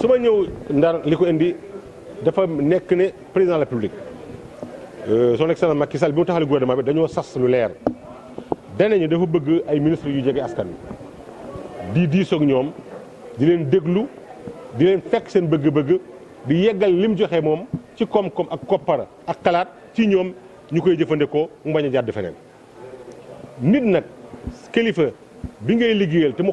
suma ñew ndar indi dafa président de la République euh, son excellence Macky Sall bi mu taxale gouvernement bi dañoo sass lu leer dafa bëgg ay ministre yu été askan di sok ñom di leen déglu di leen fekk seen bëgg-bëgg di lim ci ak ak ci nit bi ngay te mu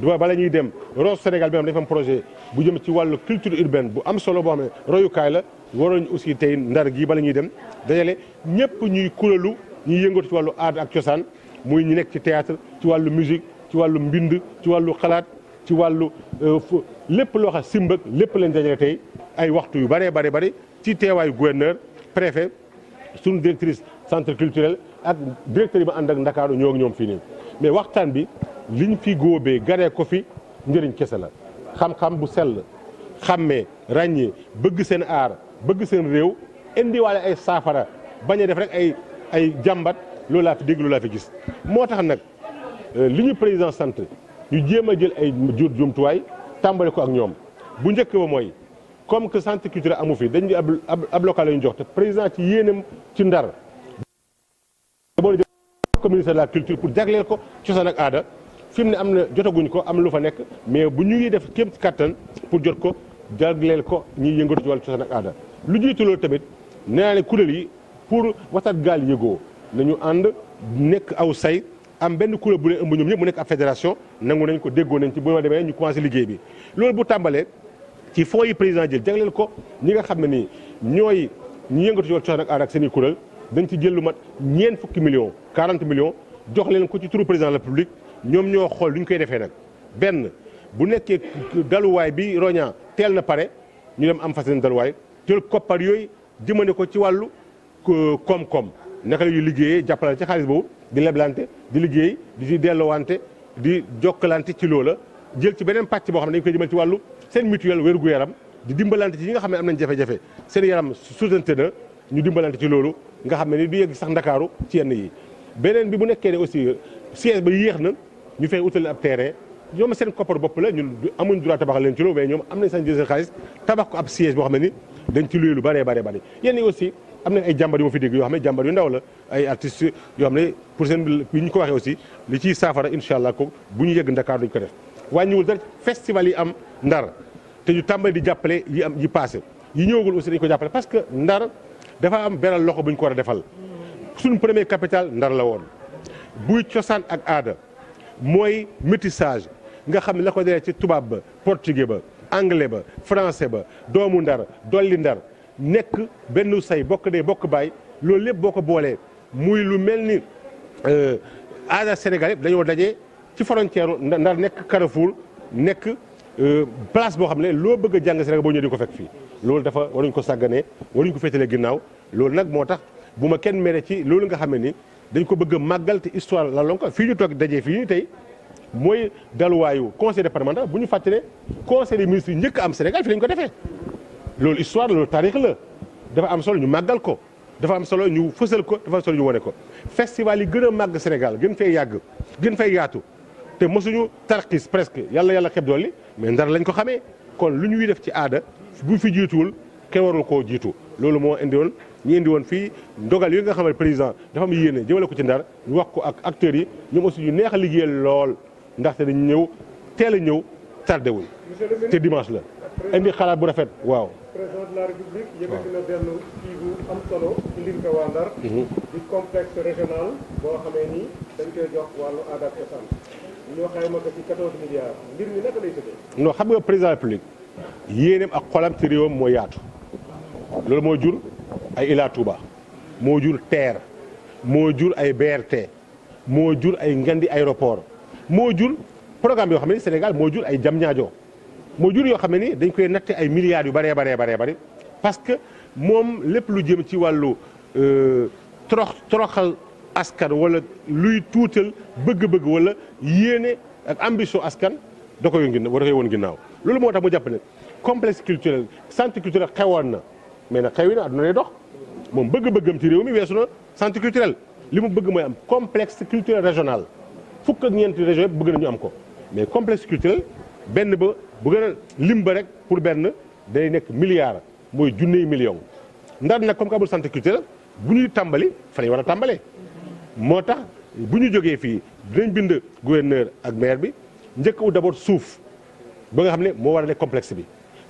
ba bala ñuy dem Roos Sénégal bi am dafa am projet bu jëm ci wàllu culture urbaine bu am solo boo xam ne royukaay la waroon aussi tey ndar gii bala ñuy dem dajale ñëpp ñuy kuréelu ñu yëngatu ci wàllu aada ak cosaan muy ñu nekk ci théâtre ci wàllu musique ci wàllu mbind ci wàllu xalaat ci wàllu euh, lépp loo xam simbak lépp leen dajale tey ay waxtu yu bëree bëri bëri ci teewaayu gouverneur préfet suñu directrice centre culturel ak directeur yi ba ànd ak Ndakaaru ñoo ñoom fii nii li ñu fi góobee garee ko fi njëriñ kese la xam-xam bu sell xàmmee ràññee bëgg seen aar bëgg seen réew indiwaale ay saafara bañ def rek ay ay jàmbat loolu laa fi dégg loolu laa fi gis. moo tax nag euh, li ñu président sant ñu jéem a jël ay jur jumtuwaay tàmbali ko ak ñoom bu njëkk ba mooy comme que centre culturel amu fi dañu ab ab local la ñu jox te président ci yéenam ci ndar. ministère de la culture pour jagleel ko cosaan ak aada. fi mu ne am na jotaguñ ko am lu fa nekk mais bu ñu ngi def kéem kattan pour jot ko jagleel ko ñuy yëngatu ci wàllu cosaan ak lu jiitu tamit nee naa ne kuréel yi pour waxtaan gaal yëgoo nañu ànd nekk aw say am benn kuréel bu leen ëmb ñoom ñëpp mu nekk ab fédération nangu nañ ko déggoo nañ ci bu ma demee ñu commencé liggéey bi loolu bu tàmbalee ci fonds président jël jagleel ko ñi nga xam ne nii yëngatu ci wàllu cosaan ak ak seen i dañ ci jël lu mat ñeent fukki millions 40 millions jox leen ko ci turu président la République ñom ñoo xol lu koy défé nak benn bu nekké daluway bi roña tel na paré ñu dem am fas daluway daluwaay copar yoy dimané ko ci walu comme comme naka la ñuy jappalé ci xaalis bo di leblanté di liggéey di ci delloowante di joklanté ci loola jël ci benen patch bo xamné dañ koy jëmal ci wàllu seen mutuelle wérgu yaram di dimbalanté ci ñi nga xamné ne am nañ jafe-jafe seen yaram suutante na ñu dimbalanté ci lolu nga xamné ne ni du yegg sax ndakaaru ci yenn yi benen bi bu nekké ne aussi siège ba yéx na ñu fay utal ab terrain ñoom seen koppar bopp la ñun amuñ droit tabax leen ci loolu mais ñoom am nañ sañ jël ba xaalis tabax ko ab siège ne ni dañ ci luy lu bëree bëree bëri yenn yi aussi am nañ ay jàmbar yu ma fi dégg yoo xam ne jàmbar yu ndaw la ay artistes yoo xam ne pour seen bi ñu ko waxee aussi li ciy saafara incha allah ko bu ñu yegg Ndakaar duñ ko def wàññiwul dara festival yi am ndar te ñu tàmbali di jàppale yi am yi passé yi ñëwagul aussi dañ ko jàppale parce que ndar dafa am beral loxo bu ñu ko a defal suñu premier capital ndar la woon buy cosaan ak aada Moi, métissage nga xamni la ko ci portugais ba anglais ba français ba doomu ndar dolli ndar nek benn say bokk dé bokk bay muy lu melni euh Sénégal dañu dajé ci frontière ndar Carrefour euh, place bo ne bëgg a jàng Sénégal bo, di fekk dafa waruñ ko waruñ ko nag dañ ko bëgg magal té histoire la lonka fii ñu tok dajé fi ñu tey moy daluwaayu conseil départemental bu ñu fàttale conseil des ministres ñëk am Sénégal fi lañ ko défé lool histoire lool taarix la dafa am solo ñu magal ko dafa am solo ñu fësal ko dafa solo ñu woné ko festival yi gëna mag Sénégal gën fay yag gën fay yaatu té mësuñu tarxis presque yalla yalla xeb doli mais ndar lañ ko xamé kon luñu ñuy def ci aada bu fi jiituwul ké warul ko koo lool mo indi indiwoon les présidents woon ndogal yi nga président ci ndar wax ko ak yi aussi ñu a lool ñëw dimanche la indi xalaat bu rafet waaw. président de la république na benn ci bu am solo ci mhm. di complexe régional bo xamé ni dañ koy jox walu adaptation ñoo ko ci 14 milliards mbir mi naka lay non président de la république ak xolam ci réewam moo yaatu loolu moo jur. ay Ila Touba moo jur TER moo jur ay BRT moo jur ay Ngandi aéroport moo jur programme yoo xam ne Sénégal moo jur ay Diamniadio moo jur yoo xam ne ni dañ koy natte ay milliards yu bëree baree baree bëri parce que moom lépp lu jëm ci wàllu euh, trox troxal askan wala luy tuutal bëgg-bëgg wala yéene ak ambition askan da koy woon ginnaaw war woon ginnaaw loolu moo tax mu jàpp ne complexe culturel centre culturel xewoon na mais nag xewi na lay dox mom bëgg-bëggam ci réew mi weesu na centre culturel limu mu bëgg mooy am complexe culturel régional fukk ak ñeenti région yëpp bëgg nañu am ko mais complexe culturel benn ba bu gën a rek pour benn day nekk milliard moy junney million ndar nak comme que amul centre culturel bu ñuy tàmbali fa lay wara tambalé motax moo tax bu ñu jógee fii dinañ bind gouverneur ak maire bi njëkk u d'abord souf ba nga xamné mo wara war complexe bi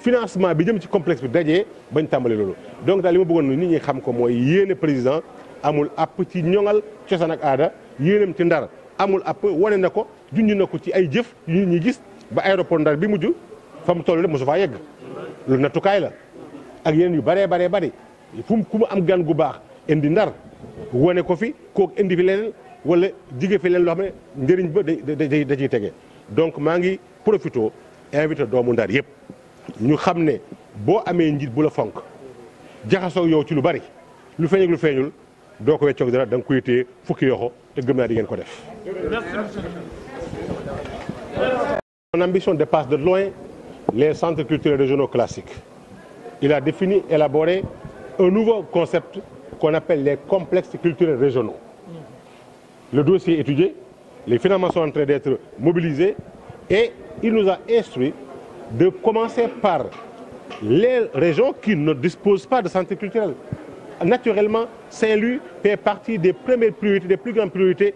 financement bi dem ci complexe bi dajé bañ tambalé lolu donc daal li ma bëggoon nit ñi xam ko moy yéene président amul app ci ñoŋal cosaan ak aada yéenam ci ndar amul app woné nako ko nako ci ay jëf nit ñi gis ba aéroport ndar bi mujj fa tollu toll fa yegg lu yegg loolu la ak yeneen yu baree baree bari fu mu ku am gan gu baax indi ndar woné ko fi ko indi fi leneen wala jige fi leen lo xamné ndëriñ ba day da ciy tege donc ma ngi profito invité doomu ndar yépp ñu xamné que amé fonk yow ci lu bari lu lu dara koy fukki Mon ambition dépasse de loin les centres culturels régionaux classiques. Il a défini, élaboré un nouveau concept qu'on appelle les complexes culturels régionaux. Le dossier est étudié, les financements sont en train d'être mobilisés et il nous a instruit de commencer par les régions qui ne disposent pas de santé culturelle. Naturellement, Saint-Louis fait partie des premières priorités, des plus grandes priorités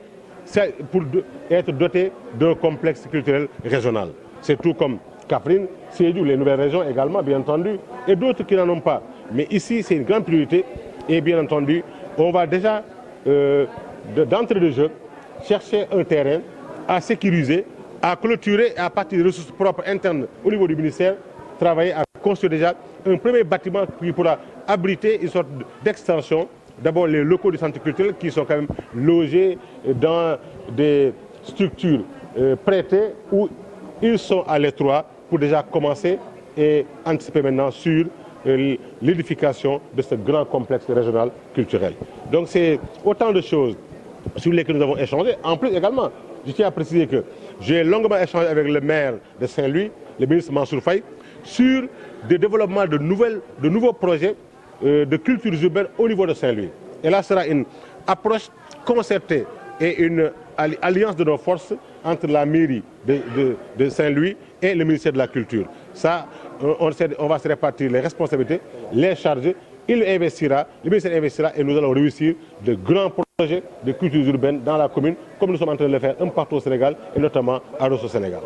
pour être doté d'un complexe culturel régional. C'est tout comme Catherine, Sédou, les nouvelles régions également, bien entendu, et d'autres qui n'en ont pas. Mais ici, c'est une grande priorité, et bien entendu, on va déjà, euh, d'entrée de jeu, chercher un terrain à sécuriser à clôturer à partir des ressources propres internes au niveau du ministère, travailler à construire déjà un premier bâtiment qui pourra abriter une sorte d'extension. D'abord les locaux du centre culturel qui sont quand même logés dans des structures euh, prêtées où ils sont à l'étroit pour déjà commencer et anticiper maintenant sur euh, l'édification de ce grand complexe régional culturel. Donc c'est autant de choses sur lesquelles nous avons échangé. En plus également, je tiens à préciser que j'ai longuement échangé avec le maire de Saint-Louis, le ministre Mansour Faye, sur le développement de, nouvelles, de nouveaux projets euh, de culture urbaine au niveau de Saint-Louis. Et là sera une approche concertée et une alliance de nos forces entre la mairie de, Saint-Louis et le ministère de la Culture. Ça, on, on va se répartir les responsabilités, les charges il investira, le ministère investira et nous allons réussir de grands projets de cultures urbaines dans la commune, comme nous sommes en train de le faire un partout au Sénégal et notamment à Rosso Sénégal.